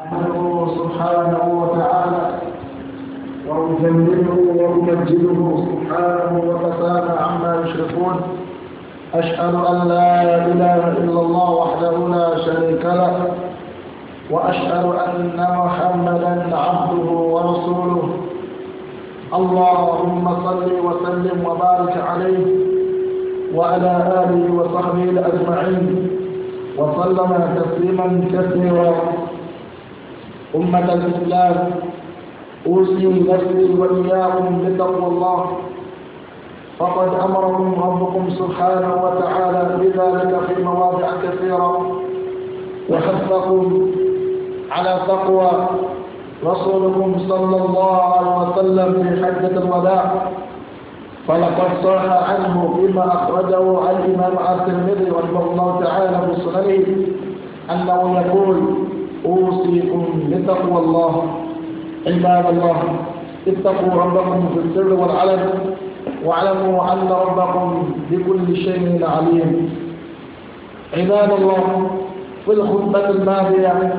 أحمده سبحانه وتعالى وأجلله وأمجده سبحانه وتعالى عما يشركون أشهد أن لا إله إلا الله وحده لا شريك له وأشهد أن محمدا عبده ورسوله اللهم صل وسلم وبارك عليه وعلى آله وصحبه أجمعين وسلم تسليما كثيرا أمة الإسلام أوصي نفسي وإياكم بتقوى الله فقد أمركم ربكم سبحانه وتعالى بذلك في مواضع كثيرة وحثكم على تقوى رسولكم صلى الله عليه وسلم في حجة الوداع فلقد صح عنه فيما أخرجه الإمام الترمذي رحمه الله تعالى في أنه يقول أوصيكم بتقوى الله عباد الله اتقوا ربكم في السر والعلن واعلموا أن ربكم بكل شيء عليم عباد الله في الخطبة الماضية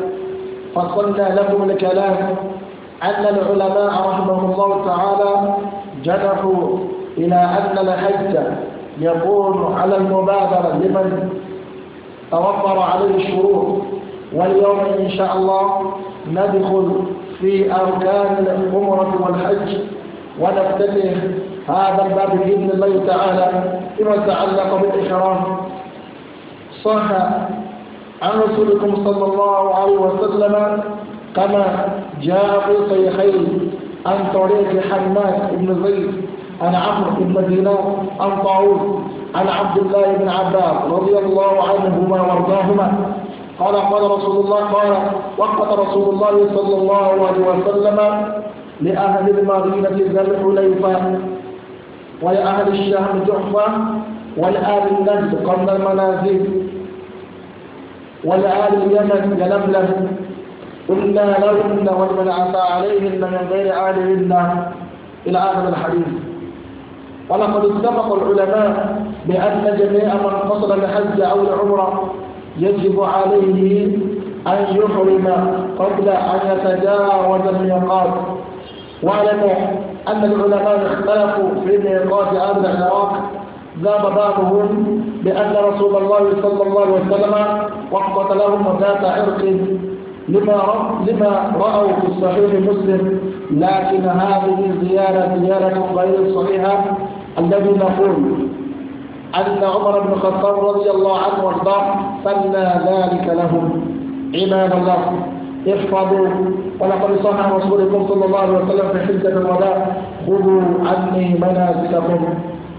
فصلنا لكم الكلام أن العلماء رحمهم الله تعالى جنحوا إلى أن الحج يكون على المبادرة لمن توفر عليه الشروط واليوم إن شاء الله ندخل في أركان العمرة والحج ونفتتح هذا الباب بإذن الله تعالى فيما تعلق بالإحرام صح عن رسولكم صلى الله عليه وسلم كما جاء في صحيحين عن طريق حماد بن زيد عن عمرو بن دينار عن طاووس عن عبد الله بن عباس رضي الله عنهما وارضاهما قال قال رسول الله قال وقت رسول الله صلى الله عليه وسلم لأهل المدينة ذر حليفة ولأهل الشام جحفة ولأهل النجد قبل المنازل ولأهل اليمن يلملم إلا إن ومن عفى عليهن من غير عالهن إلى آخر الحديث ولقد اتفق العلماء بأن جميع من قصد الحج أو العمرة يجب عليه أن يحرم قبل أن يتجاوز الميقات واعلموا أن العلماء اختلفوا في ميقات أهل العراق ذاب بعضهم بأن رسول الله صلى الله عليه وسلم وقت لهم ذات عرق لما لما رأوا في صحيح مسلم لكن هذه زيارة زيارة غير صحيحة الذي نقول أن عمر بن الخطاب رضي الله عنه وارضاه سنى ذلك لهم عباد الله احفظوا ولقد صح عن رسولكم صلى الله عليه وسلم في حجة الوداع خذوا عني مناسككم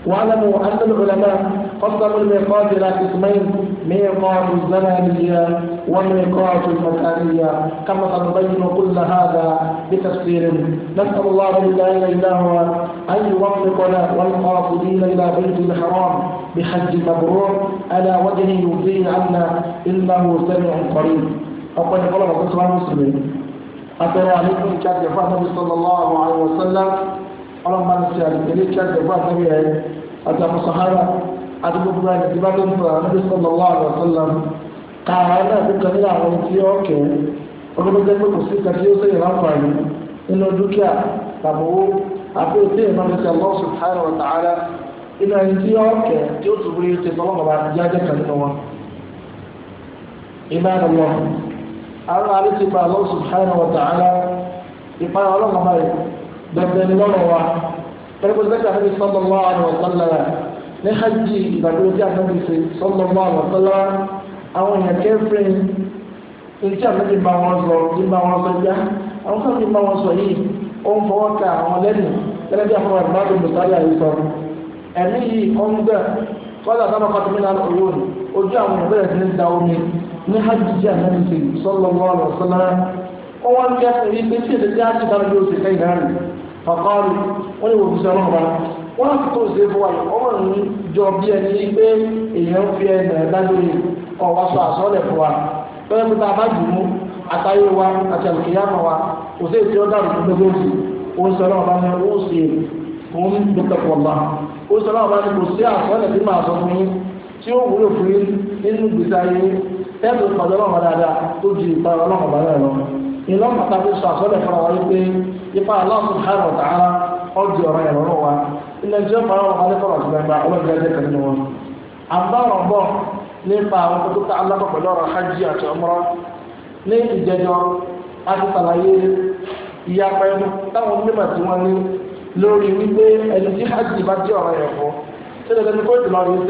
واعلموا أن العلماء قدموا الميقات إلى قسمين ميقات الزمانية وميقات المكانية كما سنبين كل هذا بتفسير نسأل الله لا إله الا هو أن يوفقنا والقاصدين إلى بيت الحرام بحج مبرور على وجه يرضيه عنا إنه سميع قريب أقول قال الله سبحانه وتعالى أترى عليكم كافة محمد صلى الله عليه وسلم ọlọ́mọba ní ti àdìgbélé tí a ti gbọ́ àtẹ́wé ẹ̀ àtàwọn sahara àti gbogbo ẹni tí bá tó ń bọ̀ àwọn ẹni sọ̀rọ̀ lọ́wọ́ àwọn ọ̀sọ́lá kàrà náà ti kàn ní àwọn tí ó ọlọ́mọdé pé sí kan ó sẹ́yìn láǹfààní nínú dúkìá tàbówó àti òtí ìmọ̀ ní ti Allah subhanahu wa ta'ala inú ẹni tí ó kẹ́ tí ó tún rí ti fọlọ́mọba jáde kan nínú wọn. ìmọ̀ ẹni wọn àwọn àlejò ìmọ̀ Allah subhanahu wa ta'ala ìpayọ̀ ọlọ́mọba dandan lọ́rọ̀ wa pẹ̀lú bẹ́ẹ̀ tàbí sallallahu alaihi wa sallam ní hajj ìgbàdo tí a nàbí ṣe sallallahu alaihi wa sallam àwọn èèyàn kẹfìrín ìdí àmì bá wọn sọ ní bá wọn sọ já àwọn kan ní bá wọn sọ yìí ó ń fọwọ́ ka àwọn lẹ́nu gẹ́gẹ́ bí àwọn ìbádùn mùsàlẹ̀ yìí sọ ẹ̀mí yìí ó ń bẹ̀ kọ́lá táwọn kan tó mí náà lọ́wọ́ ojú àwọn èèyàn bẹ̀rẹ̀ sí da omi ní hajj tí a nàbí ti dáná lóṣù kẹ́yìn náà rè fàkọ́ọ̀lù wọ́n ní òfin sọ́nà ọba wọ́n á tó ṣe fún wa yìí ọmọ ní jọ bí ẹni pé èèyàn fi ẹnà lágbèrè kọ́ wa sọ àsọ́lẹ̀ fún wa pẹ́ẹ́ pé tá a bá jù mú àtàyè wa àti àlùkìyàmọ̀ wa kò sí èsì ọ̀dà àdùkú gbogbo òsì ó ń sọ́nà ọba ní ó sì fún dókítàpọ̀lá ó sọ́nà ọba ní kò sí àsọ́lẹ̀ tí màá sọ fún yín tí ó wúlò fún yín nínú ìgbésí ayé tẹ́ẹ̀tù ìpàdé ọlọ́run ìlú ọ̀pọ̀ta fi sọ àsọ́lẹ̀ fún wa wípé ipa Allah subhanahu wa ta'ala ọjọ́ ọ̀rọ̀ ìrọ̀rọ̀ wa ilẹ̀ tí ó fara wọn wọlé fọ̀rọ̀ sílẹ̀ gba ọlọ́dún ẹjẹ́ kan nínú wọn. àbárọ̀ bọ̀ nípa àwọn tó ta alákọ̀ pẹ̀lú ọ̀rọ̀ hajj àti umra ní ìjẹjọ́ a ti sàlàyé ìyapẹ́ táwọn onímọ̀ tí wọ́n ní lórí wípé ẹni tí hajj bá jẹ́ ọ̀rọ̀ yẹn fún sílẹ̀ tẹ́lẹ̀ kó ìdùnnà rẹ̀ àti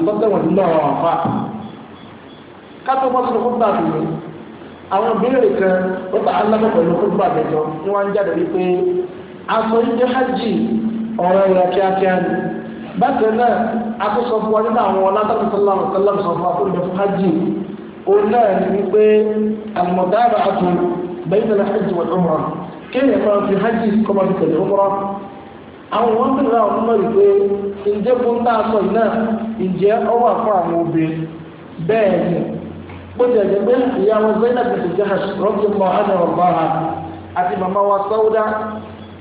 ìtọ́tẹ̀wọ̀n nínú ọ̀rọ̀ àfà kátó mọ́tò ní kúndà tó yẹ àwọn ìbéèrè kan ó ta alámọ̀ pẹ̀lú kúndà mẹ́jọ ni wọ́n ń jáde wípé aṣọ ìdí hajj ọ̀rọ̀ ìrọ̀ kíákíá ni bákan náà akóso fún wa nínú àwọn ọlátàkùn sọláàmù sọláàmù sọ fún akóso fún hajj òun náà ni wípé àmọ̀dáàbà àtún bẹ́yìn náà hajj wal umrah kéèyàn máa fi hajj kọ́ máa fi tẹ̀lé umrah àwọn wọn bẹ̀rẹ̀ àwọn ọmọ rẹ̀ pé ǹjẹ́ fún tá a sọ yìí náà ǹjẹ́ ọwọ́ àfọ àwọn obìnrin bẹ́ẹ̀ ni bóyá ìgbẹ́ ìyàwó Zainab bìtì Jahash rọ́bì mọ́ ádà ọ̀gbà ha àti màmá wa Sauda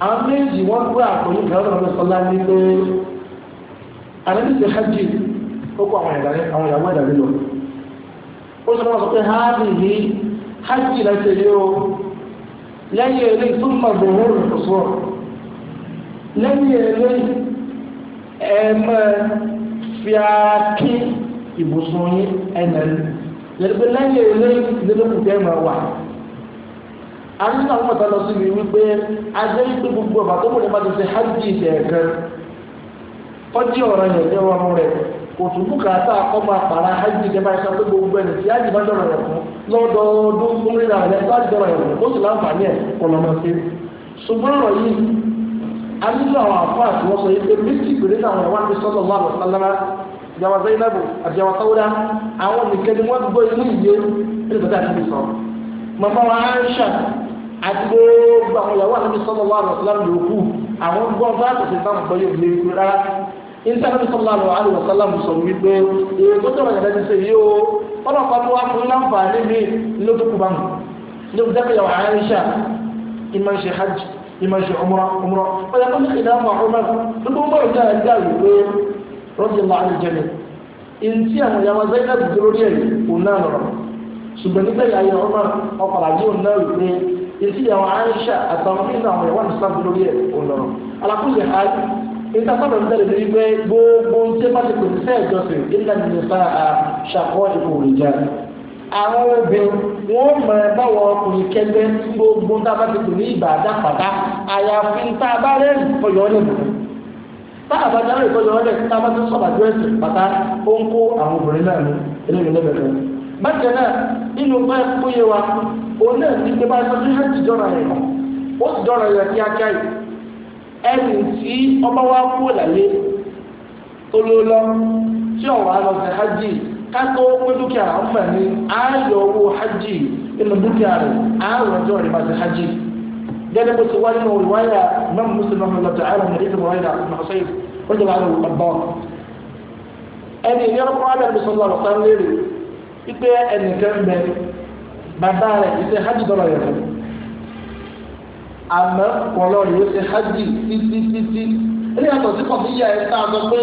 àwọn méjì wọ́n gbé àkóyí kan lọ́dọ̀ sọlá nílé àdébí ti hajj ó kó àwọn ìyàwó ìdàgbé lọ ó sọ wọn sọ pé háàbì ní hajj láti ṣe o lẹ́yìn eré túmọ̀ gbòòrò ìfọ̀sọ̀ lẹ́yìn eré ẹ̀ẹ́mẹ́ fi àákí ìbùsùn yẹtùpẹ lẹ́yìn eléyìí ìdílókùn tẹ mọ wà àti náà wọn tọ́lọ síbi wípé adé wípé gbogbo ọba tó wọlé bá ti ṣe hajj ìṣẹ̀ẹ̀kan ọjí ọ̀rọ̀ yẹn jẹ́ wọn rẹ̀ kò tún bùkátà ọmọ àpàrà hajj ìjọba ìṣẹ́ tó gbogbo ẹni tí hajj bá dọ̀rọ̀ rẹ̀ fún lọ́dọọdún fún rírà rẹ̀ tó hajj dọ̀rọ̀ rẹ̀ fún ó sì láǹfààní ẹ̀ kọ́ sí. ṣùgbọ́n yìí a àfọ ìyàwó zainabu àbíyàwó sáwúdà àwọn nìkan ni wọ́n gbọ́ inú ìyé nínú tọ́tà níbi sọ màmá wa aisha àti gbogbo àwọn ìyàwó àti sọ́mọ wa àlọ́ sílámù yòókù àwọn gbọ́ bá tẹ̀sí sáwọn gbọ́ yóò lé ikú rárá ìtàkùn sọ́mọ àlọ́ àlọ́ sálámù sọ wípé èyí tó tọ̀rọ̀ yàrá ti ṣe yìí o ọlọ́pàá tó wá fún láǹfààní mi ló tó kú bá mi ló rọ́bì máa ń jẹ́mi ìntí àwọn ìyàwó Zainab lórí ẹ̀ òun náà lọ́rọ̀ ṣùgbọ́n nígbà ìyá ìyá ọmọ ọkọ̀ àyè òun náà wípé ìntí àwọn Aisha àtàwọn nínú àwọn ìyàwó Islam lórí ẹ̀ òun lọ́rọ̀ alákùnrin ha níta sábà ń tẹ̀lé wípé gbogbo tí a bá ti pèsè sí ẹ̀jọsìn nígbà nínú sáà ṣàkọ́ ìfò òrìjà àwọn obìnrin wọn mọ ẹ báwọn ọkùnrin kẹgbẹ́ gbogbo tá ní ìbàdàn pàtà àyàfi bá rẹ́rìn fọyọ́ nìkan tá a bá dáná ìtọ́jú ọlọ́dẹ tá a bá ti sọ̀rọ̀ àjọ ẹ̀sìn pátá ó ń kó àwọn obìnrin náà ní eléyìí lẹ́gbẹ̀ẹ́ bákan náà inú bá kó yé wa òun náà ti gbé bá a sọ́jú ẹ̀ ti jọra yẹn ó ti jọra yẹn kíákíá yìí ẹni tí ọba wa kú làyé tó ló lọ tí ọ̀rọ̀ àlọ́ ti hajj kátó pé dúkìá ọmọ ní ayọ̀ owó hajj inú dúkìá rẹ̀ àárọ̀ ọjọ́ rẹ̀ bá ti hajj gẹ́gẹ́ bó ti wá nínú ìwáyà mẹ́mú mùsùlùmí ọmọ ìlọ́tà àrùn ní ìdíje mọ̀wáyà ọmọ ọ̀sẹ̀ ó jẹ́ láàrin òkú bọ́ ẹni ìyá ọkọ alẹ́ mi sọ́nà ọ̀sán léèrè wípé ẹnìkan bẹ bàbá rẹ̀ ìṣe hajj dọ́là yẹn fún àmọ́ kọ̀ọ̀lọ́ rẹ̀ ìṣe hajj títítítí ilé yàtọ̀ sí kọ̀ọ̀tì yà ẹ̀ sáà sọ pé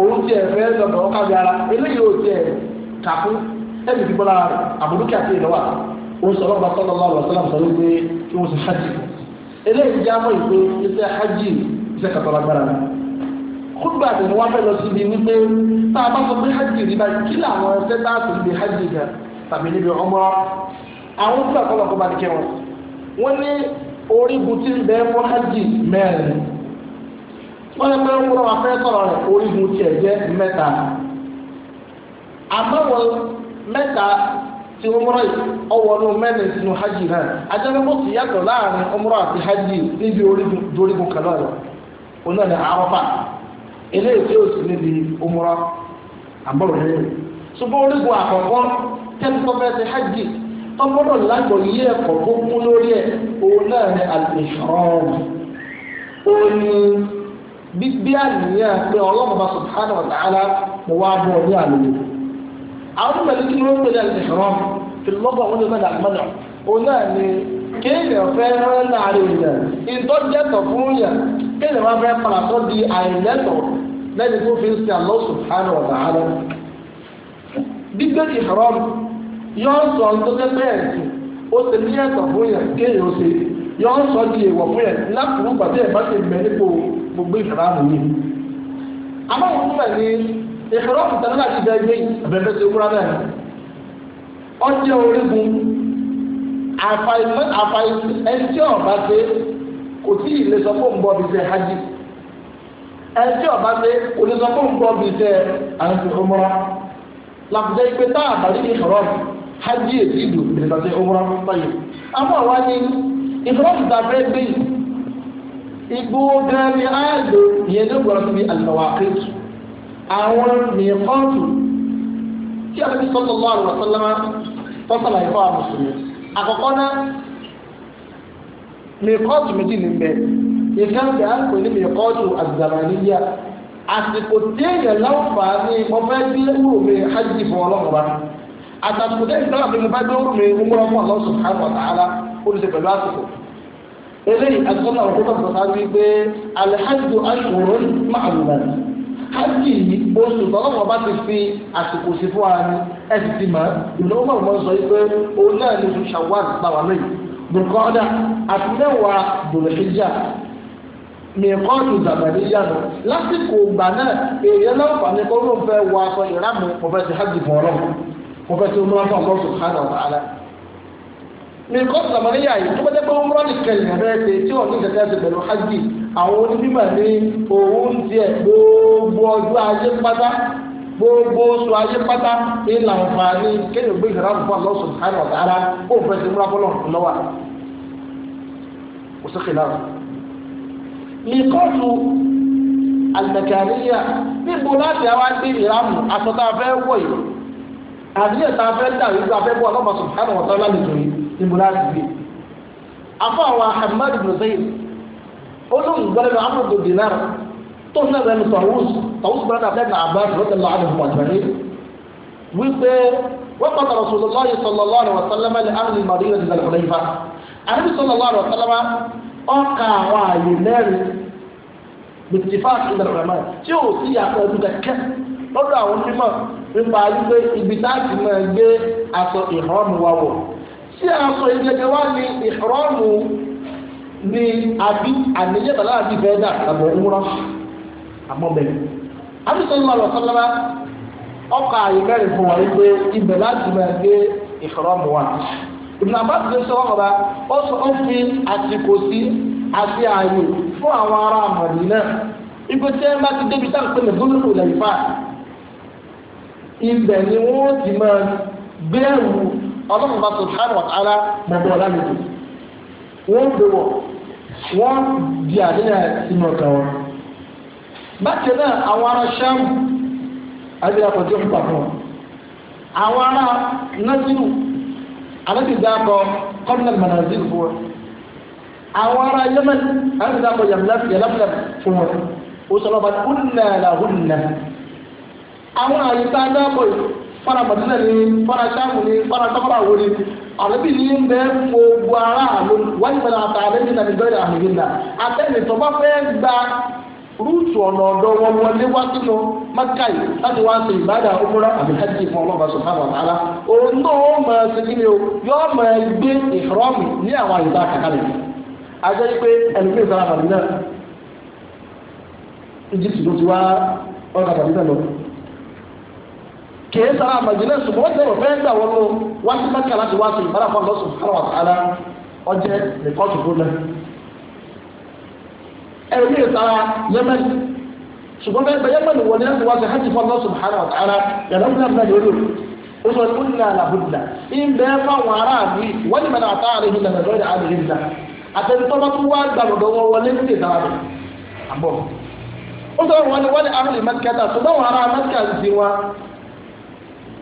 òun ti ẹ̀ fẹ́ lọ́dọ̀ ọ̀ká bí ara eléyìí ò ti ẹ̀ kàkú ẹ̀mí ti bọ́lá rẹ̀ àbúrúkẹ́ àti ìlọ́wà ó sọ̀rọ̀ bá sọ́nà ọ̀sán lọ́wọ́ sọ́nà sọ́nà pé kí wọ́n ti hajj fún eléyìí jámọ́ ìpè iṣẹ́ hajj iṣẹ́ kàtàlá gbára ni kúgbà tí wọ́n fẹ́ lọ síbi wípé tá a bá sọ pé hajj rí báyìí kí làwọn ẹsẹ̀ tá a sì níbi hajj gan tàbí níbi umra àwọn tí wọ́n kọ́lọ̀ kó bá nìkẹ́ wọn wọ́n ní orígun tí ń bẹ fún hajj mẹ́rin wọ́n yẹ pé wọ́n wá fẹ́ sọ̀rọ̀ rẹ̀ orígun tiẹ̀ jẹ́ mẹ́ta àmọ́ wọn mẹ́ta tí umrah yìí ọwọ́ ní mẹ́rin sínú hajj náà ajẹ́gbẹ́gbọ́ ti yàtọ̀ láàrin umrah àti hajj níbi orígun kan náà lọ òun náà ní Àrafa eléyìí tí ó sì níbi umrah àbọ̀rọ̀ yẹn ṣùgbọ́n orígun àkọ́kọ́ tẹ́lifọ́ fẹ́ ti hajj tọ́gbọ́dọ̀ lágbọ̀ kún lórí ẹ̀ òun náà ní al-ihram òun pé Ọlọ́hun subhanahu wa ta'ala mo ní àlejò àwọn tó pẹ̀lú kí nke ń pè ní al-ihram fìlọ́bọ̀ wọn ló mẹ́ta àgbọ̀nà na náà ni kéèyàn fẹ́ rán láàrin ìyàn ìtọ́jẹ́tọ̀ fún yàn kéèyàn wá fẹ́ padà di àìlẹ́tọ̀ lẹ́ni tó fi ń sin Allah subhanahu sọ sọ fún ẹ̀ ìfọ̀rọ̀ fún tẹ̀lé láti dẹ ilé abẹ́fẹ́ sí kúrá bẹ́ẹ̀ ọjọ́ orígun àfàì ẹni tí ọba ṣe kò tí ì lè sọ fún bọ́ọ̀bì ṣe hajj ẹni tí ọba ṣe kò lè sọ fún bọ́ọ̀bì ṣe àǹtí ọmọra làkùjẹ́ ìpè tá àbálí ìfọ̀rọ̀ hajj èdè ìdò ìrìnà sí ọmọra báyìí àmọ́ àwa ni ìfọ̀rọ̀ fún tàbí ẹgbẹ́ igbó gẹ́gẹ́ bí áyà lò ìyẹn ló gbọ́dọ̀ sí àlùfáà kéèkì àwọn mìíràn tí a ti sọ́tọ̀ lọ́wọ́ àwọn ọ̀sánlámá tọ́sàlà ẹ̀kọ́ àmùsùnmí àkọ́kọ́ náà mìíràn méjì ní bẹ́ẹ̀ ìkan bẹ̀ á pè ní mìíràn àzàmàníyà àsìkò téèyàn láǹfààní ọ̀fẹ́ tí wúrò mi hajj fún ọlọ́run wa àtàkùn tẹ́lẹ̀ náà mi bá dé wúrò mi múra fún ọlọ́run subhanahu wa ta'ala olùsè pẹ̀lú àsìkò eléyìí àti sọ́nà òkú tó sọ̀tà wípé alhajj ashhurun ma'lumat hajj yìí oṣù tọ́lọ́mọ bá ti fi àsìkò sí fún ara ni ẹ sì ti mọ̀ ìbùdó ọmọ ọmọ sọ yìí pé òun náà ní oṣù Shawwal gbàwá lẹ́yìn bùkọ́dà àti mẹ́wàá bùrẹ̀ṣíjà mìkọ́ọ̀tù zàbàdíyà nù lásìkò ìgbà náà èèyàn náà fà ní kó ló ń fẹ́ wọ aṣọ ìrámù pọfẹ́sì hajj fún pọfẹ́sì olúwa fún ọlọ́run subhanahu wa ta'ala nìkan sàmàlíyà yìí tó bá jẹ́ pé ó ń rọ́ọ̀lì kẹlẹ̀ abẹ́rẹ́ pé tí wọ́n ní ìṣẹ̀lẹ̀ ẹ̀sẹ̀ pẹ̀lú hajj àwọn onímọ̀ ní òun tiẹ̀ gbogbo ọjọ́ ajé pátá gbogbo oṣù ayé pátá ní làǹfààní kéèyàn gbé ìhìrà fún Allah subhanahu wa ta'ala ó fẹ́ sí múra fọlọ́ lọ́wọ́ kò sí kìlá rẹ̀. nìkọ́ọ̀tù àlùmẹ̀kàníyà níbo láti àwọn gbé ìhìrà mú aṣọ tá a fẹ́ wọ̀ yìí àbíyẹ̀ tá a fẹ́ dà yìí tó a fẹ́ bọ́ Allah subhanahu wa ta'ala lálejò yìí ní mo láti gbé afọ àwọn ahmed ibn zayd olóhùn gbọ́dọ̀ lọ amúlò tó di náà tó ní ẹgbẹ́ mi tọ̀hús tọ̀hús bọ́dọ̀ abẹ́ ní abá rọ́tẹ̀ lọ àdùn mọ̀tẹ́rẹ́ wípé wọ́n pàtàkì rasulullah sallallahu alaihi ní nàlẹ́ fúnlẹ́ ifá àdúgbò sallallahu alaihi wa ọkà àwọn àyè mẹ́rin bìtìfáà ìdàrọ̀ rẹ̀ mọ́ tí ò sí àpọ̀ ọdún kẹ́kẹ́ lọ́dọ̀ àwọn onímọ̀ nípa wípé ibi táàkì náà gbé aṣọ ìhọ́nù wa wọ̀ tí a sọ ìgbẹ́jẹ́ wá ní ìrọ́mù ní àbí àníyàn tàbí àbí bẹ́ẹ̀ dà tàbí òwúrọ̀ àmọ́ bẹ́ẹ̀. àbísọ̀ ńlá lọ sọ́lára ọkọ̀ àyíkẹ́rì fún wa wípé ibẹ̀ láti máa gbé ìrọ́mù wa. ìbùnà bá ti sọ wọn kọba ó sọ ó fi àsìkò sí àti ààyè fún àwọn ará àmọ̀dé náà. ibi tí ẹ bá ti débi sáà pé lè gómìnà ìlẹ̀ ìfà ibẹ̀ ni wọ́n ti máa gbé ẹ̀wù ọlọ́run bá subhanahu wa ta'ala mọ̀gbọ́n lálejò wọ́n gbé wọ̀ wọ́n di àdéhà sínú ọ̀kà wọn. bákan náà àwọn ará sham àdéhà kan tí ó ń pa fún wọn. àwọn ará naziru àdéhà kọ kọ́mínà fún wọn. àwọn ará yemen àdéhà kọ yàmlẹ́fẹ̀ fún wọn. ó sọ lọ́ba kúnnà làhùnnà. àwọn àyíká dáàbò yìí. fara madina ni fara shamu ni fara kamara wuri àbẹ̀bí ni ń bẹ gbogbo ara àlọ́ wáyé pẹ̀lú àtàlẹ́ ní nàìjíríà ìbẹ̀rẹ̀ àmìlélà a tó bá gba rúùtù ọ̀nà ọ̀dọ́ wọn wọlé wá sínú mẹ́kà yìí láti wá ṣe ìbádà ọmọdé àbíkájì fún ọlọ́ba subhanahu wa ta'ala òun náà o yóò mọ̀ ẹ́ gbé ìhrọ́mù ní àwọn àyíká kàkàlẹ̀ ajẹ́ pé ẹnìkan Egypt ló ti wá kìí sara àmàjìnà ṣùgbọ́n wọ́n tẹ̀rọ fẹ́ẹ́ gbà wọ́n lọ wá sí mẹ́kà láti wá sí ìbára fún ọlọ́sùn fún àwọn àlá ọjẹ́ nìkan tó lẹ. ẹ̀rọ mi sara yẹmẹ́ni ṣùgbọ́n bẹ́ẹ̀ bẹ́ẹ̀ yẹmẹ́ni wọ́n ní láti wá sí hajj fún ọlọ́sùn fún àwọn àlá yàrá fún àmì náà yóò ó sọ ní kúnlẹ̀ àlàbùdà ìbẹ́ fáwọn ará mi wọ́n ní mẹ́ta àtà àrẹ yìí lẹ́nu lọ́dẹ àrẹ yìí lẹ́nu àtẹnudọ́ bá tún wá gbàgbọ́dọ̀ wọn wọlé ní ìdára rẹ̀ àbọ̀ ó sọ wọn ni wọ́n ní àrùn ìmẹ́kẹ́ta ṣùgbọ́n wọn ará mẹ́kẹ́ta ti wá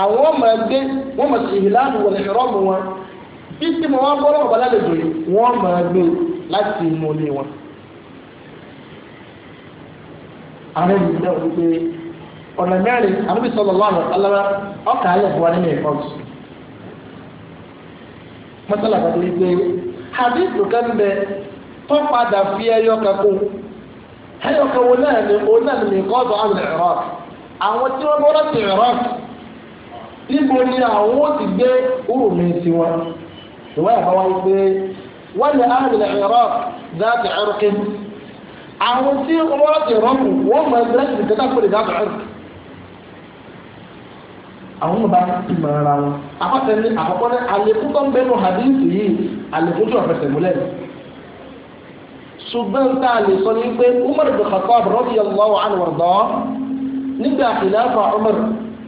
àwọn ọmọ ẹgbẹ́ wọ́n mọ̀ sí ìhìláàmù wọ̀n ìrọ́mù wọn mo wọ́n gbọ́dọ̀ bọ́lá lè dòye wọ́n mọ̀ ẹgbẹ́ láti inú ilé wọn. àwọn ènìyàn náà wọ́n pé ọ̀nà mẹ́rin àbúbí sọ̀rọ̀ lọ́rùn alára ọkà ayọ̀ bọ́ nínú ẹ̀kọ́ jù. mọ́tàlá kan lè gbé hadith kan bẹ tó padà fi ẹyọ kan kún wọn náà náà ọ̀dọ̀ níbo ni àwọn ó ti gbé urumi tiwọn ìwé ẹ̀fọ́ wáyé pé wọ́n lè áàrùn ìrọ̀ dáàtì ẹ̀rọ̀kì àwọn tí wọ́n ti rọ́pù wọ́n mọ̀ ẹ̀dẹ́rẹ́sì nìkan tá pèlè dáàtì ẹ̀rọ̀kì àwọn ọmọ bá ti mọ̀ ara wọn àkọ́kọ́ ní àkọ́kọ́ ní àlékún tó ń bẹnu hadith yìí àlékún tó ọ̀fẹ́sẹ̀ múlẹ̀ ṣùgbọ́n tá a lè sọ ní pé Umar bin Khattab radiyallahu anhu nígbà khilafa Umar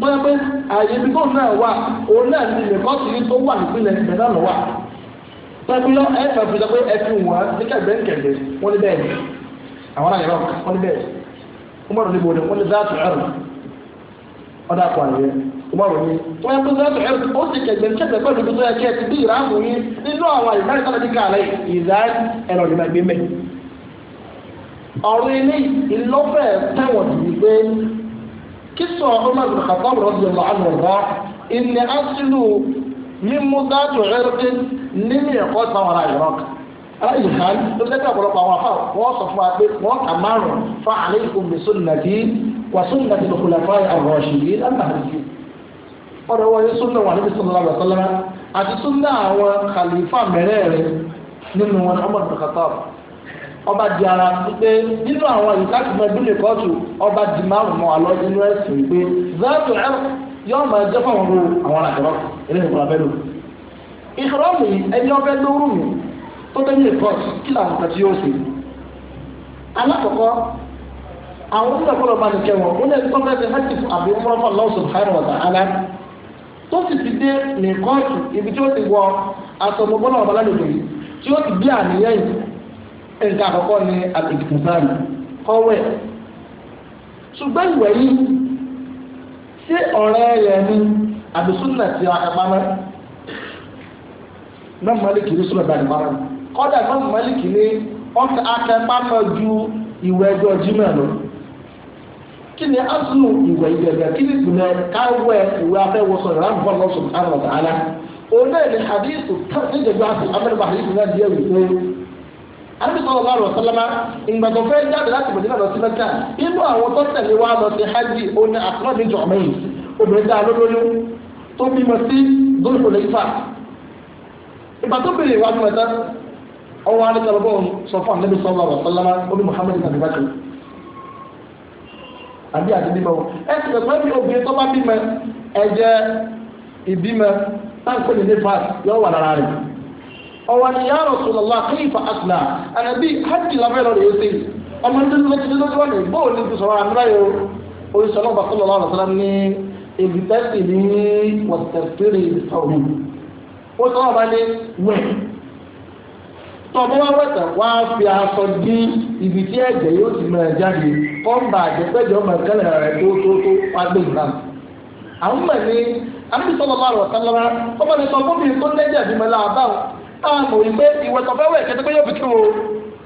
bóyá pé àyè ibi tóun náà wà òun náà ní ilẹ̀ kọ́ọ̀tù tó wà nípìnlẹ̀ ìgbẹ́ náà lọ́wọ́ pẹ̀lú ẹ̀fẹ̀ fi sọ pé ẹ̀fẹ̀ wọ́n ní kẹ̀gbẹ́kẹ̀gbẹ́ wọ́n ní bẹ́ẹ̀ àwọn àyè náà wọ́n ní bẹ́ẹ̀ umaru ní bòde wọ́n ní záàtù ẹ̀rù ọ̀dà àpò àyè umaru ní wọ́n yẹ kó záàtù ẹ̀rù ó sì kẹ̀gbẹ́ kẹ̀gbẹ́ pẹ̀lú ibi tó yẹ kẹ́ ti bí ìrààmù yín nínú àwọn àyè náà sábà ní kàlẹ́ ìzá ẹ̀rọ ìgbà gbé mẹ́ ọ̀rọ̀ ilé ìlọ́fẹ̀ẹ́ tẹ̀wọ̀n kíso Umar bin Khattab radiyallahu anhu ọ̀rọ̀ ìní asinu mímú dáàtò ẹrẹ́dẹ́ nínú ẹ̀kọ́ sáwọn ará Iraq aláìsí kan ló fi dẹ́gbẹ́ ọ̀pọ̀lọpọ̀ àwọn afá wọ́n sọ fún wa pé wọ́n kà márùn-ún fa alaykum bi sunnati wa sunnati al-khulafa'i ar-rashidin al-mahdiyyin ọ̀rọ̀ wọ́n yẹ súnà wà níbi sọ̀rọ̀ àlọ́ sọ́lá àti súnà àwọn khalifa mẹ́rẹ̀ẹ̀rin nínú wọn Umar bin ọba di ara wípé nínú àwọn ìkákùmọ ìdílé kóòtù ọba di márùn mọ àlọ inú ẹsìn wípé zaatu ẹ yọọ máa jẹ fún àwọn àwọn àjọrọ eléyìí kọlá bẹ́ẹ̀ lò ìṣòro mi ẹni ọbẹ lóru mi tó bẹ nílé kóòtù kí làwọn kan ti yóò ṣe alákọ̀ọ́kọ́ àwọn tó lọ́kọ́ bá ní kẹwọn ó lè tó bẹ́ẹ̀ hajj fún àbí mọ́rọ́fà Allah subhanahu wa ta'ala tó sì ti dé ní kóòtù ibi tí ó ti wọ aṣọ ọmọ bọ́lá ọ̀bálá lòdì tí ó ti bí àníyàn yìí ẹ̀ka àkọ́kọ́ ni àtìkùnfààrí kọ́wẹ̀ ṣùgbọ́n ìwẹ̀ yìí ṣé ọ̀rẹ́ rẹ̀ ni àbísúnà ti àpamọ́ náà mọ́lìkì ní súnà ìbàdàn pamọ́ kọ́dà náà mọ́lìkì ní ọ̀tá akẹ́pamọ́ ju ìwẹ̀ ẹjọ́ jimẹ̀ lọ kí ni asunu ìwẹ̀ ìgbẹ̀gbẹ̀ kí ni ìpìlẹ̀ káwẹ̀ ìwẹ̀ afẹ́wọ̀sọ̀ ìrànwọ́ lọ́sùn àwọn ọ̀tá alá òun náà ni hadith tó tẹ̀síjẹ̀gbẹ̀ àti amẹ́rẹ́bà hadith náà àbí sọ̀rọ̀ bá rọ̀ sálámà ìgbàgbọ́ fẹ́ jáde láti bòjúlá lọ sí mẹ́ta inú àwọn tó tẹ̀lé wa lọ sí hajj oní àtúnọ́bí jọ̀mẹ́yìn obìnrin dáa lólóyún tó bímọ sí dóòlù lẹ́fà ìgbà tó bèrè wa mẹ́ta ọwọ́ alẹ́sọ̀rọ̀bọ̀ sọ fún àlẹ́bí sọ̀rọ̀ rọ̀ sálámà oní muhammed nàbí bàtà àbí àdébímọ ẹ ti sọ pé obìnrin tó bá bímọ ẹ̀jẹ̀ ìbímọ táǹkì ọwọ́ ni ya Rasulullah kílífà àtìlá ànàbí hajj làbẹ́ lọ́rọ̀ yóò ṣe ọmọ ní tuntun mẹ́tí tuntun wọn ni bóò ní tuntun sọ̀rọ̀ àmì láyò oríṣi ọlọ́ba sọ̀rọ̀ lọ́wọ́ sọ̀rọ̀ ní ibi tẹ́sí ní wọ̀tẹ̀fẹ́rẹ́ ìfọ̀hún ó sọ̀rọ̀ bá ní wẹ̀ tọ́bọ́ wá wẹ̀tẹ̀ wá fi aṣọ dí ibi tí ẹ̀jẹ̀ yóò ti mẹ́rẹ̀ jáde kọ́ńbà àjẹpẹ́jọ́ mẹ́kẹ́lẹ̀ rẹ̀ tó tó tó wá gbé ìgbà àwọn mẹ́rin àmì sọ́lọ́ bá rọ̀ sálọ́rọ́ ọmọ nìkan tó lẹ́jẹ̀ táwọn mọ̀ wípé ìwé tọ́fẹ́ wẹ̀ kẹ́tẹ́ pé yóò fi kí o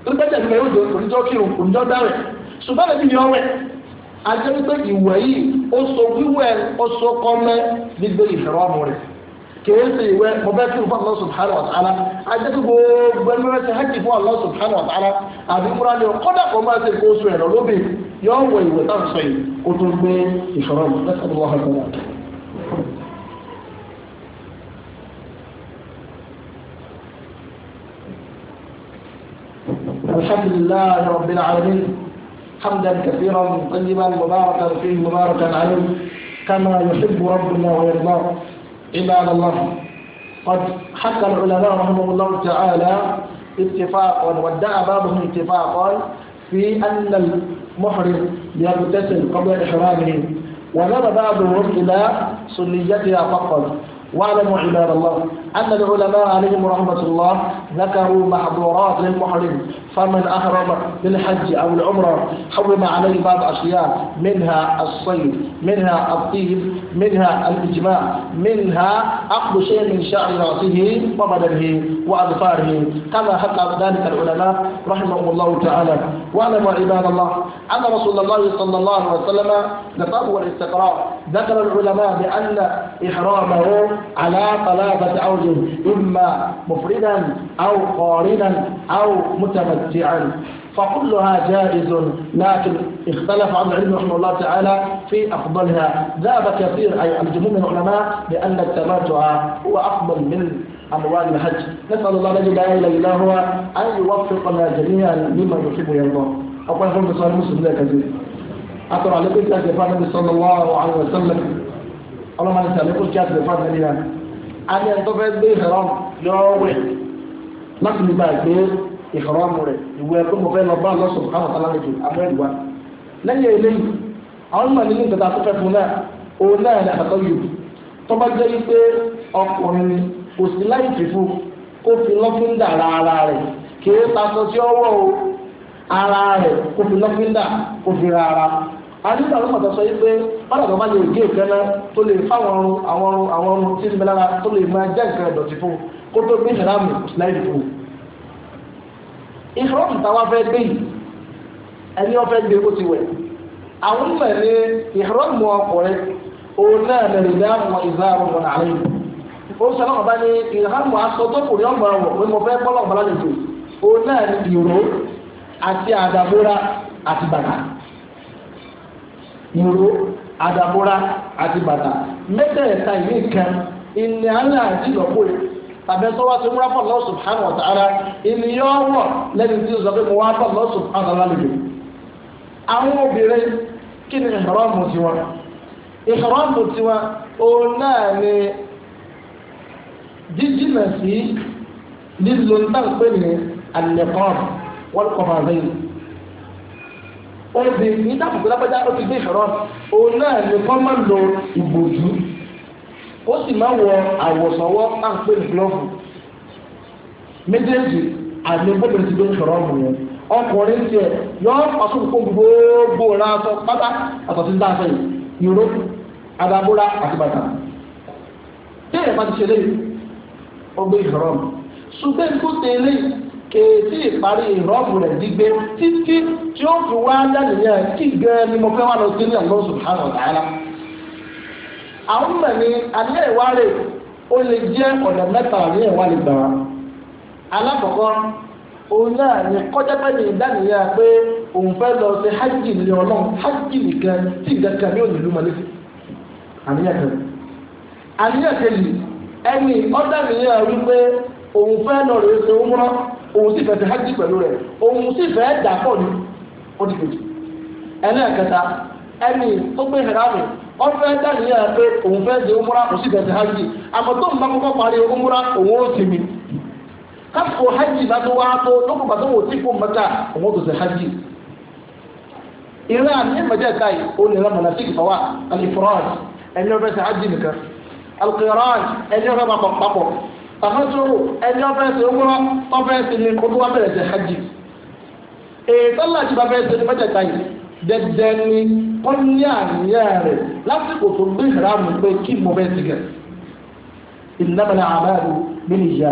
nígbàjẹ́ ìwé yóò dò oníjọ́ kí o oníjọ́ dárẹ̀ ṣùgbọ́n bẹ́ẹ̀ ni ọwẹ́ ajẹ́ wípé ìwé yìí ó so wíwẹ̀ ó so kọ́mẹ́ gbígbé ìfẹ̀rọ̀ ọmọ rẹ̀ kìí ṣe ìwé mo fẹ́ fún Allah subhanahu wa ta'ala gbogbo ẹni wẹ́n ti fún Allah subhanahu wa àbí múra الحمد لله رب العالمين حمدا كثيرا طيبا مباركا فيه مباركا عليه كما يحب ربنا ويرضاه عباد الله قد حكى العلماء رحمه الله تعالى اتفاقا وادعى بعضهم اتفاقا في أن المحرم يغتسل قبل إحرامه ونظر بعضهم إلى سنيتها فقط واعلموا عباد الله أن العلماء عليهم رحمة الله ذكروا محظورات للمحرم فمن أحرم بالحج أو العمرة حرم عليه بعض أشياء منها الصيد منها الطيب منها الإجماع منها أخذ شيء من شعر رأسه وبدنه وأظفاره كما حكى ذلك العلماء رحمهم الله تعالى واعلموا عباد الله أن رسول الله صلى الله عليه وسلم نقب والاستقراء ذكر العلماء بأن إحرامه على ثلاثة أوجه إما مفردا أو قارنا أو متمتعا فكلها جائز لكن اختلف عن العلم رحمه الله تعالى في أفضلها ذهب كثير أي الجمهور من العلماء بأن التمتع هو أفضل من أموال الحج نسأل الله الذي لا إله إلا هو أن يوفقنا جميعا لما يحب الله أقول لكم بصار مسلم لا كثير أقرأ لكم كاتب النبي صلى الله عليه وسلم اللهم أنا سألكم كاتب النبي أن ينتفع بإحرام يوم لكن ما يقول إحرام rẹ̀ ìwé ẹgbẹ́ mọ̀fẹ́ lọ bá lọ́sùn káwọn tàlálẹ́jù lẹ́yìn eléyìí àwọn mímọ̀ nínú ìgbàdá tó fẹ́ fún náà òun náà ní àkàtọ́ yìí tó bá jẹ́ wípé ọkùnrin ni kò sí láì fífún kó fi lọ́fíńdà ra ara rẹ̀ kì í tasọ sí ọwọ́ o ara rẹ̀ kó fi lọ́fíńdà kó fi ra ara àdúgbò àwọn ọmọdé sọ wípé wọn àgbà máa lè gé ìkànnà tó lè ọrùn àwọn ọrùn ẹni ọfẹ gbé kó ti wẹ̀ àwọn mẹrin ìhọrọmù ọkùnrin òun náà lẹnu ìdá àwọn ìdá àwọn ọmọ náà lẹ́yìn ó sọ náà bá ní ìhọrọmù aṣọ ní ọmọ ọwọ́ pé mo fẹ́ bọlọ lálejò òun náà ní ìró àti àdàbóra àti bàtà ìró àdàbóra àti bàtà ìlú kan ìní àti ti múra ìníyọ́ sọ pé mo wá àwọn obìnrin kí ni ìhàrámù tiwọn ìhàrámù tiwọn òun náà ni jíjìnà sí lílo ntànpé ní alẹ́kọ́n wọ́n kọ́ máa lẹ́yìn obìnrin ní dàpọ̀ gbọ́dọ̀ ó ti gbé ìhàrámù òun náà ni kọ́ máa lo ìbòjú ó sì máa wọ àwọ̀sọ̀wọ́ tànpé ní gílọ́ọ̀fù méjèèjì àti gbọ́dọ̀ ti gbé ìhàrámù yẹn ọkùnrin tiẹ̀ yọ ọ̀sùn kó gbogbo ra aṣọ pátá àtọ̀tí dá aṣọ yìí ìró adabóra àti bàtà téèyàn bá ti ṣe léyìí ọgbẹ́ ìrọ̀rùn ṣùgbọ́n tó tẹ̀lé kèétí ìparí ìrọ́bù rẹ̀ dígbé títí tí ó fi wá dánìyàn kí gan ni mo fẹ́ wá lọ sí ní Allah subhanahu wa ta'ala. àwọn mọ̀ ní alẹ́ ìwárè ó lè jẹ́ ọ̀nà mẹ́ta ní ìwárè gbà. alákọ̀ọ́kọ́ òun náà ní kọjá pẹ́ẹ́lí ìdánìyà pé òun fẹ́ lọ sí hajj ní ọlọ́run hajj nìkan tí ìdáka ní òní ìlú malẹ́sì àníyàn kan àníyàn kejì ẹni ọ̀dàníyà wípé òun fẹ́ lọ rèé ṣe ń rán òun sì fẹ́ sí hajj pẹ̀lú rẹ̀ òun sì fẹ́ dà pọ̀ ní ó kejì ẹni ẹ̀kẹta ẹni tó gbé ọfẹ pé òun fẹ́ òun sì fẹ́ sí kásìkò hajj bá tó wá tó lókùn bá tó wò tí kò mẹ́ta òun tó ṣe hajj ìran ní mẹ́tẹ̀ẹ̀ta yìí ó lè rán mọ̀nà síkì fọwọ́ alifrad ẹni ọbẹ̀ ṣe hajj nìkan alqiran ẹni ọbẹ̀ bá pọ̀ papọ̀ tàfẹ́sọ̀rọ̀ ẹni ọbẹ̀ ṣe wúrọ̀ ọbẹ̀ ṣe ní kó tó wá bẹ̀rẹ̀ ṣe hajj ètò láti bá bẹ́ẹ̀ ṣe ní mẹ́tẹ̀ẹ̀ta yìí dẹ́dẹ́ ni wọ́n ní àníyàn rẹ̀ lásìkò tó gbé ìhàrámù pé kí mo bẹ́ẹ̀ ti gẹ̀ ìnáwó ni àbáyé mi nìyí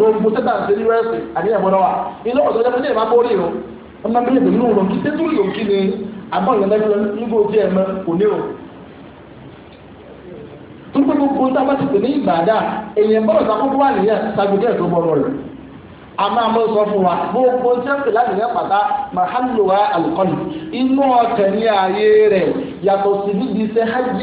gbogbo tẹ́tà ń ṣe ní wẹ́ẹ̀sì àníyàn gbọ́dọ̀ wà ilé ọ̀sán jẹ́ pé ní ìmá bórí o ọmọ bí ìdè nínú òkè tẹ́tù òkè ni àbọ̀ ìyànlẹ́gbẹ̀ nígbà ojú ẹ̀ mọ́ òní o. tó gbogbo gbogbo tá a bá ti pè ní ìbàdà èèyàn bọ́ọ̀ sàkókò wà nìyẹn sàgbéjì ẹ̀ tó bọ́ọ̀rọ̀ rẹ̀ a máa mọ sọ fún wa gbogbo jẹ́pẹ̀ láti rẹ̀ pàtà mahaluwa alukọ́ni inú ọkàn ní ààyè rẹ̀ yàtọ̀ sí níbi iṣẹ́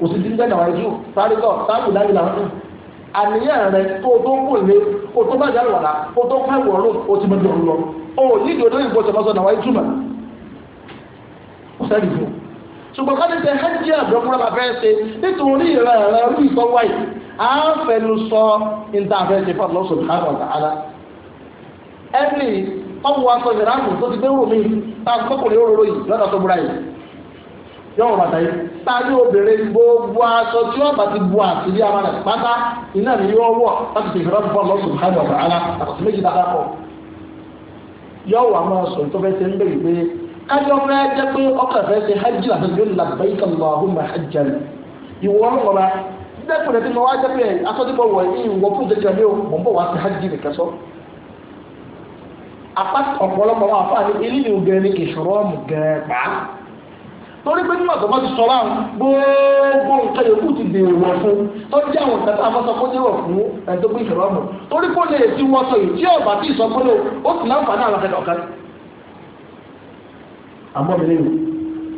kò sí dídẹ́ náà ẹjú sáré lọ sáàbù láyé làwọn náà àníyàn rẹ tó o tó kù lé o tó bá jáde wàlá o tó ká ìwọ̀ ọ̀rọ̀ o ti mẹ́jọ lọ o ní ìdòdó ìbò ṣọ̀fọ́sọ̀ náà wáyé túmọ̀ kò sẹ́ni fún ṣùgbọ́n ká ní sẹ́ hẹ́jì àbúrọ̀kúrọ̀ bá fẹ́ ṣe nítorí ìrẹ̀ rẹ̀ rí ìsọ́wọ́ yìí à ń fẹnu sọ níta fẹ́ ṣe fún ọlọ́sùn káàkiri ọ̀tà ara ẹni ọmọ wa sọ ìrẹ̀ àmì tó ti gbé wò mí tá a kọkùnrin yọ̀wọ̀ bàtà yìí táyé obìnrin gbogbo aṣọ tí wọ́n bá ti bu àṣírí ara rẹ̀ pátá iná ni yóò wọ̀ láti fi ìfẹ́ bọ́ lọ́sùn káyọ̀ ọ̀gá ara àtàkùn méjì dáadáa pọ̀ yọ̀wọ̀ àwọn sọ̀rọ̀ tó fẹ́ ṣe ń bèrè pé kájọ fẹ́ jẹ́ pé ọkọ̀ fẹ́ ṣe hajj àti yóò labbaika Allahumma hajjan ìwọ ọlọ́mọba dẹ́kun ẹ̀tí mo wá jẹ́ pé ìwọ fún jẹjẹ apá ọ̀pọ̀lọpọ̀ wọn àfáà ní ilé ìwògẹ́ ní ìṣòro ọ̀mù gẹ̀ẹ́gbàá torí pé nígbà tó bá ti sọ̀rọ̀ àwọn gbogbo nǹkan yòókù ti dèrò wọ̀ fún tó jẹ́ àwọn ìgbà tá a fọ́sọ kó dérò fún ẹ̀dọ́ pé ìṣòro ọ̀mọ̀ torí kó lè ti wọ́n sọ yìí tí ọ̀bà tí ìsọ pé ó sì láǹfààní àwọn akẹ́kọ̀ọ́ kan. àmọ́ mi lérò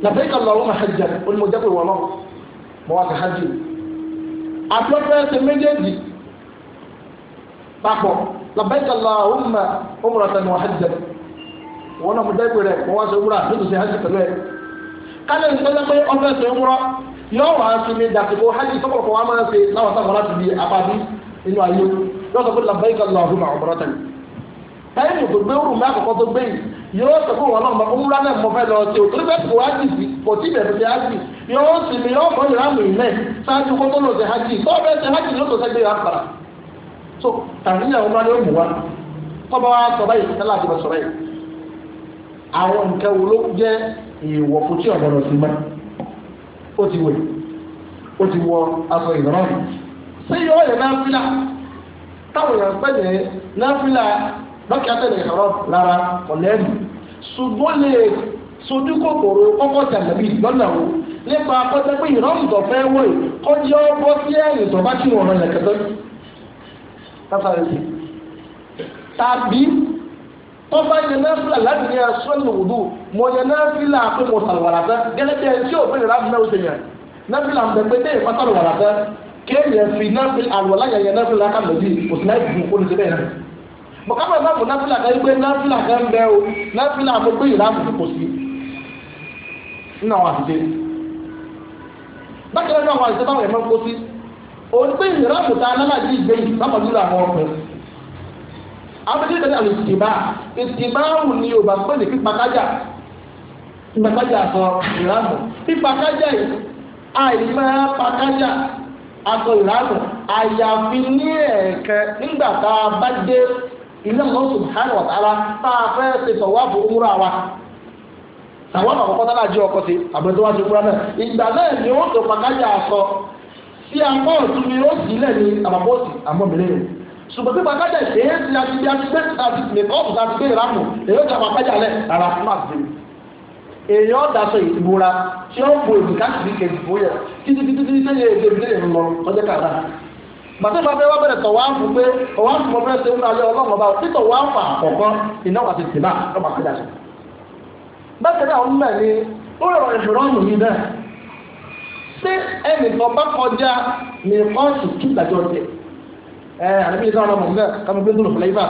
làbẹ́yìn kan lọ ọlọ́mọ hajj onímọ̀jẹ́ pé wọ́n mọ wá sí hajj àtúntò ṣe méjèèjì papọ̀ làbẹ́yìn kan lọ ọmọ ọmọ rẹ̀ tẹ̀ kálẹ̀ ní sọ́jà pé ọ̀fẹ́ tó ń rọ́ yóò wá sí ní dàsìkò hajj sọ́kọ̀ọ̀kọ̀ wa máa ń ṣe láwọn sáfà láti di apábí inú ayé yóò sọ pé labbaika Allahumma umratan táyìmù tó gbé wúrù mẹ́ àkọ́kọ́ tó gbé yìí yóò sọ pé wọn náà ń wúrà náà mọ fẹ́ lọ sí o torí bẹ́ẹ̀ kò hajj sí kò tí bẹ̀rẹ̀ sí hajj yóò sì ní yóò mọ ìrámù ìmẹ́ sáájú kó tó lọ sí hajj tó bẹ́ẹ̀ sí hajj ló tó sẹ́gbẹ́ yà pàrà so tàbí ìyàwó máa ní ó mú wa tọ́ba wa sọ báyìí àwọn nǹkan wo ló jẹ́ èèwọ̀ fún tí ọ̀gbọ̀nà sí mọ́ ó ti wẹ̀ ó ti wọ aṣọ ìrọ̀rùn sí yóò yẹ náfìlà táwọn èèyàn pẹ́ yẹ náfìlà lọ́kì àtẹ̀lẹ̀ ìrọ̀ rárá ọ̀lẹ́nu ṣùgbọ́n lè sojú kòkòrò kọ́kọ́ tàbí lọ́nà wo nípa akọ́tẹ́ pé ìrọ̀rùn tó fẹ́ wọ̀ kọjá ọgbọ́ sí ẹ̀yìn tó bá kí wọn rẹ̀ kẹtọ́ tàbí tó bá yẹ náfìlà láti ní aṣọ ìwòdù mọ yẹ náfìlà pé mo sàrò wàrà tẹ gẹ́gẹ́ tí òfin rà bí náà ó ṣe yẹn náfìlà ń bẹ pé tẹ ìfà sàrò wàrà tẹ kéèyàn fi náfìlà àlùwàlá yẹn náfìlà ká lòdì òsì náà ìdìbò kó ní síbẹ̀ yẹn. bọ̀kábà náà mọ náfìlà kan pé náfìlà kan bẹ o náfìlà mo pé ìlànà kò sí nínú àwọn àtijọ́ bákan náà àwọn àtijọ́ táwọn yẹn máa ń kó sí òun pé ìrọ̀lù ta alámàjì ìgbéyìí lápapọ̀ nílò àwọn ọkùnrin abẹ́lẹ́ ìtẹ́lẹ̀ àlọ́ ìtìmá ìtìmá ni ní yorùbá pé ní pípa kájà pípa kájà sọ ìrámù pípa kájà yìí àìmọ́ bá dé ilé subhanahu wa ta'ala tá a wa àwọn ìgbà náà ni ó sí apá òtún ó àbàbọ̀ ṣùgbọ́n pípa kájà ṣe é ti àti bí àti gbé àti lè ọ́pù àti gbé ìrámù èyí ó jàpá kájà lẹ̀ ara fún àti èèyàn ọ̀dàṣọ ìbora tí ó bo èdè káàkiri kejì fún yẹ títí títí títí tẹ́lẹ̀ èdè ìdílé ìrìn lọ ọjọ́ kàdá bàtí ìfọwọ́ fẹ́ wá bẹ̀rẹ̀ tọ̀ wá fún pé ọwọ́ fún mọ́ fẹ́ ṣe ń lálẹ́ ọlọ́run ọba títọ̀ wá fà àkọ́kọ́ iná wà ti tì náà lọ́mọ àkọ́jà ṣe. bákan náà ń bẹ̀ ni ó rọrùn ìfìrọ́ọ̀nù yìí náà ṣé ẹnìkan bá kọjá ní kọ́ọ̀sì kí ìgbàjọ́ tẹ̀ ẹ eh, àlẹ́bí ìsọ́nà ọmọ mọ̀ kọ́mọ gbé dúró fúlẹ́fà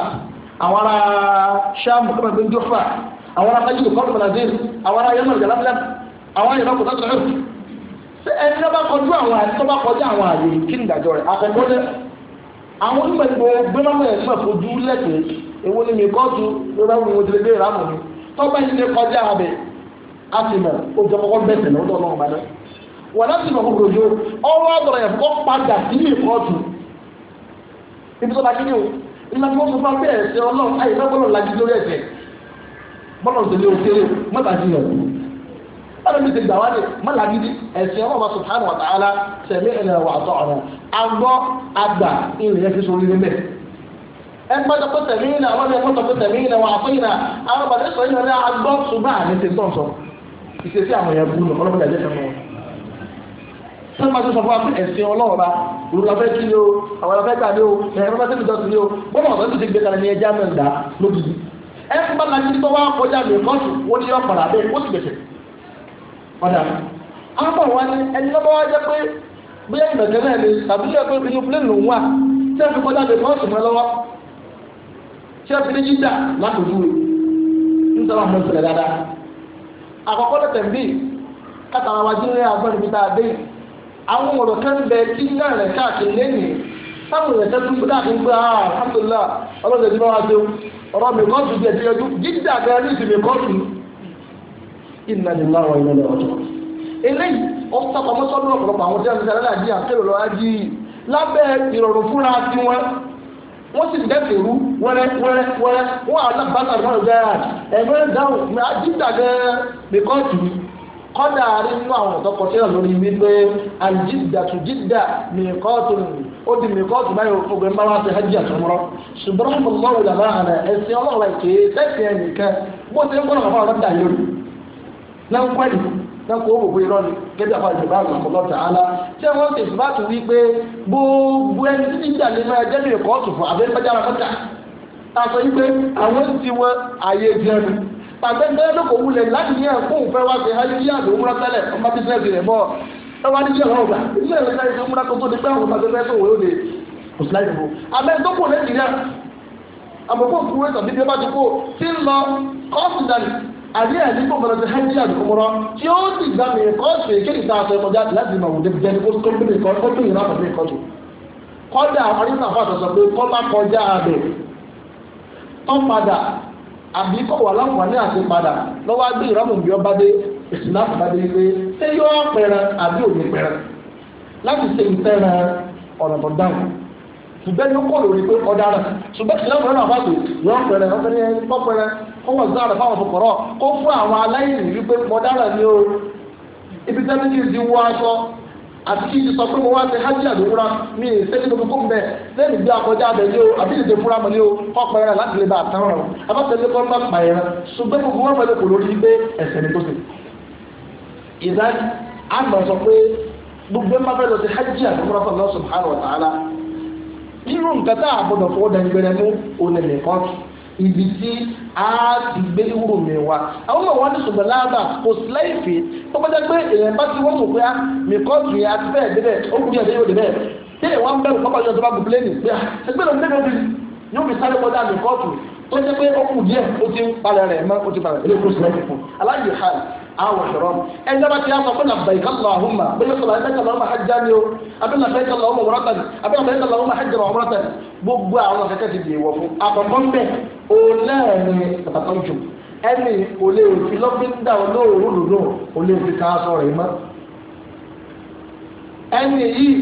àwọn ará sàmù kọ́mọ awara dúró fà àwọn ará kájú kọ́mọ brazil àwọn ará yẹmọ ìjà lábílẹ̀ àwọn ará ìrọ́kùtà tó rẹ̀ ẹni tó bá kọjú àwọn àti tó bá kọjú àwọn àyè kí ni ìdájọ́ rẹ̀ àkọ́kọ́ dẹ́ àwọn onímọ̀ mi ibi tó lajú ní o ìlànà wọn sọ fún abẹ́ ẹ̀sẹ̀ ọlọ́run ayé lọ́gbọ́n lajú lórí ẹ̀sẹ̀ bọ́lá ń tẹ̀lé òkèlè mọ́tà sí ìyàwó bọ́lá mi ti gbà wá ní mọ́tà gidi ẹ̀sẹ̀ ọmọ bá subhanahu wa ta'ala sẹ̀mí ẹ̀nà wà tọ̀ ọ̀run agbọ́ àgbà ìrìn yẹn fi so orí lẹ́mẹ̀ ẹ gbọ́dọ̀ pé tẹ̀mí iná wọn lè mọ́tò pé tẹ̀mí iná wọn àfọ iná àwọn bàtẹ́ sọ iná náà agbọ́ ṣùgbọ́n àmì ti sọ̀nsọ̀ ìṣesí àwọn yẹn bú lọ ọlọ́mọdé ẹ̀jẹ̀ fẹ́ mọ́ wọn. sọ́kpàtì sọ fún wa pé ẹ̀sìn ọlọ́ọ̀ba òru kí ni o àwọn afẹ́ kà ni o ẹ̀rọ bá tẹ̀lé ìjọsìn ni o bọ́lá ọ̀sán tó ti gbé kalẹ̀ ní ẹja mẹ́rin dá lójijì ẹ ń bá lajú tó wá kọjá mi kọ́ọ̀tù wọ́n ní ọ̀pàdà bẹ́ẹ̀ ó ti gbèsè ọ̀dà àbọ̀ wa ni ẹni lọ́bọ̀ wá jẹ́ pé bí ẹ̀yìn bẹ̀tẹ̀ náà ni tàbí lẹ́yìn pé inú plẹ́ẹ̀nì òun wà tí ẹ fi kọjá mi kọ́ọ̀tù mọ́ lọ́wọ́ tí ẹ fi ní jíjà látòjú ń sọ àwọn ọmọ ìṣẹ̀lẹ̀ dáadáa àkọ́kọ́ lẹ́tẹ̀ bíi a dé àwọn ọ̀rọ̀ kan bẹ tí náà rẹ̀ káàkiri lẹ́yìn táwọn èèyàn tẹ́tù fún káàkiri pé ah alhamdulilah ọlọ́dẹ tí wọ́n wá tó ọ̀rọ̀ mi kọ́ tún tẹ̀sí ẹjú jíjà kan ní ìsinmi kọ́ tún inna lillahi wa inna ilaihi raji'un. eléyìí ó sọ̀kọ̀ mọ́sọ́dún ọ̀pọ̀lọpọ̀ àwọn tí wọ́n ti sẹ́lẹ̀ àjí àkérò lọ ájí lábẹ́ ìrọ̀rùn fúnra tí wọ́n wọ́n sì dẹ́kẹ̀ rú wẹ́rẹ́ wẹ́rẹ́ wẹ́rẹ́ wọ́n àlábàtà náà gbẹ́rẹ́ ẹ̀gbẹ́ dáhùn jíjà gan-an mi kọ́ tún kọ́dà rí nínú àwọn ọ̀tọ́ kọtíra lórí wípé aljídà tó jídà mìíkọ́tù ó di mìíkọ́tù báyìí ogun bá wá sí hajj àtọmọ́rọ́ ṣùgbọ́n mo wùdà bá tẹ́sí ẹ̀ nìkan bó ti ń dà náà ń náà kó gbogbo irọ́ ni gẹ́gẹ́ ìjọba tí wọ́n ti wí pé gbogbo ẹni tí jíjà máa jẹ́ fún àwọn ti pàtẹ́ńtẹ́ lóko wulẹ̀ láti ní ẹ̀kún fẹ́ wá sí ayélujára àti òmùra tẹ́lẹ̀ ọmọ bísíǹsì rẹ̀ bọ́ ẹ wá ní iṣẹ́ wọn gbà ilé di pé àwọn ọ̀sán fẹ́ sọ̀wọ́ lóde kò sí láyé fún. àmọ́ ẹ̀ tó kù nàìjíríà àmọ́kò kúrẹ́ tàbí bí ẹ bá ti kó tí ń lọ kọ́ọ̀sì dàní àbí ẹ̀ nípò bọ̀dọ̀ ti hajj àti òmùrọ̀ tí ó sì gbà mí kọ́ọ̀sì kéde tá a sọ ẹ̀kọ́ jáde láti mọ̀ òde jẹ́ni kó tó gbé nìkan ó tó yìnbọn àpapọ̀ nìkan tó. kọ́dà ọ̀rẹ́sìn àfọ̀ àtọ̀sọ̀ pé kọ́ bá kọjá àbí kò wà láǹfààní àti padà lọ́wọ́ agbé ìrọ́mù bí ọba dé èsì láti bá dé pé ṣé yóò pẹ̀rẹ̀ àbí òní pẹ̀rẹ̀ láti ṣe ìtẹ́rẹ̀ ọ̀nà tó dáhùn ṣùgbọ́n yóò kọ́ lórí pé ọ̀daràn ṣùgbọ́n ìṣẹ̀lẹ̀ ọ̀rẹ́ náà fàṣẹ yóò pẹ̀rẹ̀ ọ̀pẹ̀rẹ̀ ọ̀pẹ̀rẹ̀ kó wọ́n sáré fáwọn fòkòrò kó fún àwọn aláìní wípé ọ̀daràn ni ó ibi tẹ́lifí àti kí n sọ pé mo wá ṣe hajj àdúrà mi ì sẹ́ni gbogbo kó mbẹ lẹ́nu bí akọjá abẹ ní o àbí ìdè fúnra mọ̀ ní o kọ́ pa ẹran láti lè bá àtàwọn ọ̀rọ̀ abáṣẹ́lẹ́ kọ́ bá pa ẹran ṣùgbọ́n gbogbo wọn fẹ́lẹ́ kò lórí pé ẹ̀sẹ̀ ni tó ṣe. ìdá àmọ̀ sọ pé gbogbo ẹ̀ máa fẹ́ lọ sí hajj àdúrà fún Allah subhanahu wa ta'ala irú nǹkan tá àbọ̀dọ̀ fọwọ́ dẹ̀ mú òun ibi tí a ti gbé wúrò mi wá àwọn ọmọ wọn ní ṣùgbọ́n láàbà kò sí láìfì tó bá jẹ́ pé èèyàn bá ti wọ́n mọ̀ pé ah, mi kọ́ ju ya ti bẹ́ẹ̀ débẹ̀ ó kú díẹ̀ yóò débẹ̀ tí èèyàn ń bẹ̀rù pápá ìjọba gbogbo lẹ́nu pé ah, ẹgbẹ́ lọ sí ẹgbẹ́ yóò fi sáré kọjá mi kọ́ tù tó jẹ́ pé ó kù díẹ̀ ó ti ń palẹ̀ rẹ̀ mọ́ ó ti palẹ̀ rẹ̀ lókùn sí láìfì fún aláìyè hàn àwọn ìrọ̀mù ẹjọ́ bá ti yá sọ fún labbaika Allahumma bóyá sọ labbaika Allahumma hajjá ni o àbí labbaika Allahumma umratan àbí labbaika Allahumma hajjan umratan gbogbo àwọn kẹ́kẹ́ ti dìbò fún àkọ́kọ́ ń bẹ̀ ó lẹ́ẹ̀rin tàbátàn jù ẹni ò lè fi lọ́gbíńdà olóòórùn lòdò ò lè fi ká sọ rẹ̀ mọ́ ẹni yìí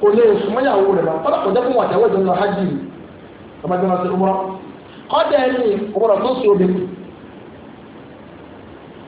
kò lè sùnmọ́yàwó rẹ̀ náà kọ́dà kò jẹ́ fún wàtẹ́wọ́ ìjọba hajj ọmọdé wọn ti rúmọ́ kọ́dà ẹni ọmọdé tó sì obìnrin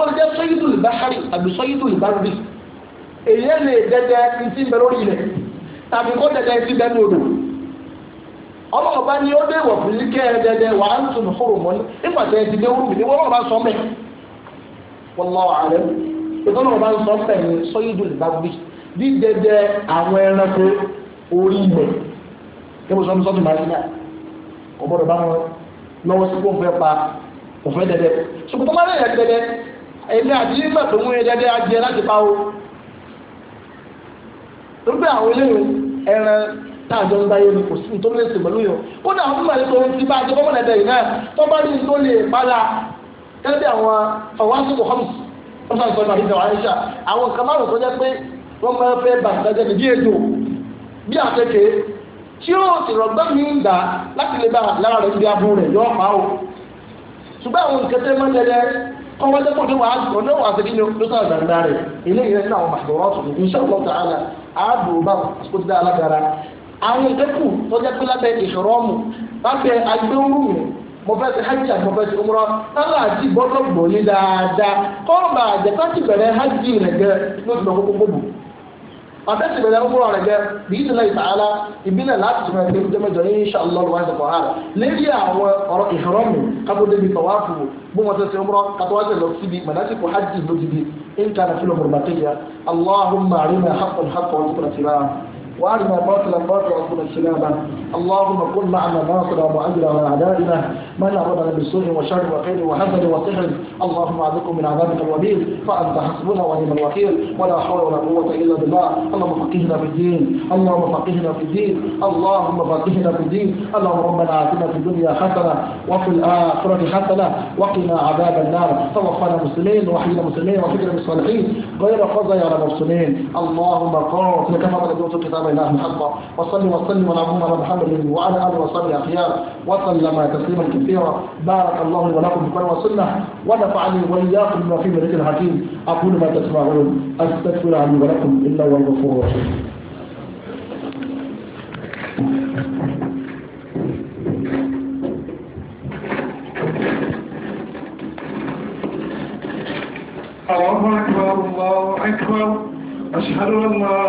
ó lè jẹ́ sọ́yìdù ìbáhárì àbí sọ́yìdù ìbárúbì èyí lè dẹdẹ ìtì ń bẹ lórí ilẹ̀ tàbí kó dẹdẹ ìtì bẹ ní odò ọlọ́run bá ní ó dé ìwọ̀ fún ilé dẹdẹ wà á ń tún fòrò mọ́ nígbà tẹ ti dé wúrú mi ní wọ́n bá sọ mẹ́ wọ́n lọ àárẹ̀ ètò ọlọ́run bá ń sọ mẹ́ ní sọ́yìdù ìbárúbì bí dẹdẹ àwọn ẹranko orí ilẹ̀ kí mo sọ mi sọ́tún màá sí náà ọgbọ́dọ̀ bá èmi àti yíma tó mú yẹn dẹ́dẹ́ ajẹ́ láti pa o rúbẹ́ àwọn eléyìí ẹran táàjọ ń bá yẹn kò sí nítorí èsì pẹ̀lú yọ kódà àwọn fúnmọ̀ ètò ohun ti bá àti bọ́mọ̀ lẹ́dẹ̀ yìí náà tó bá ní tó lè padà gẹ́gẹ́ bí àwọn fọwọ́sí mohammed wọ́n fà ń sọ ní àbíjà àyíṣà àwọn kan márùn tó jẹ́ pé wọ́n máa fẹ́ bàtà jẹ́ bí ètò bí àkẹ́kẹ́ tí ó sì rọ̀gbẹ́ mi ń dà láti lè bá lára rẹ̀ ń bí abú rẹ̀ yọ ọwọ́ ẹjẹ́ kò ní wàá kò ní wàá segin ló sọ̀rọ̀ gbàgbà rẹ̀ ilé yẹn ní àwọn màdùrọ̀ tó ní sọ̀rọ̀ tààlà àádùn ọba àsìkò ti dá alágara àwọn ìdẹ́kù tó jẹ́ pé lábẹ́ ìṣòrọ́mù lábẹ́ agbóhùn mo fẹ́ ṣe hajj mo fẹ́ ṣe umrọ lọ́la àti gbọ́dọ̀ gbòye dáadáa kọ́ bàjẹ́ ká ti bẹ̀rẹ̀ hajj rẹ̀ gẹ́ lóṣù lọ́kọ́ gbogbo ọ̀tẹ́sì bẹ̀rẹ̀ ń fúnra rẹ̀ jẹ́ bí ìdílé ta'ala ìbílẹ̀ láti tún ẹgbẹ́ ìjọ mẹ́jọ ní insha Allah wà ní ọ̀hárà lérí àwọn ọ̀rọ̀ ìhìrọ́mù kábọ̀dé bíi tọ̀wáfù bó wọn tẹ̀sí ọmọ kàtọ́wájú lọ síbi mọ̀nàsíkò hajj lójijì in kana fil umur baqiya Allahumma arina haqqal haqqa wa وارنا باطلا باطلا وكل اجتنابا اللهم كن معنا ناصرا واجرا اعدائنا من ارادنا بالسوء وشر وخير وحسد وسحر اللهم اعذكم من عذابك الوبيل فانت حسبنا ونعم الوكيل ولا حول ولا قوه الا بالله اللهم فقهنا في الدين اللهم فقهنا في الدين اللهم فقهنا في الدين اللهم ربنا اعطنا في الدنيا حسنه وفي الاخره حسنه وقنا عذاب النار توفنا مسلمين وحينا مسلمين وفكر بالصالحين غير قضايا على مرسلين اللهم قاتل كما قد كتاب لا إله الا الله وصل وسلم على محمد محمد وعلى آله وصحبه أخيار وسلم تسليما كثيرا بارك الله لي ولكم في القرآن والسنة ونفعني وإياكم بما فيه من الحكيم أقول ما تسمعون أستغفر عني ولكم إلا هو الغفور الرحيم الله أكبر الله أكبر أشهد أن لا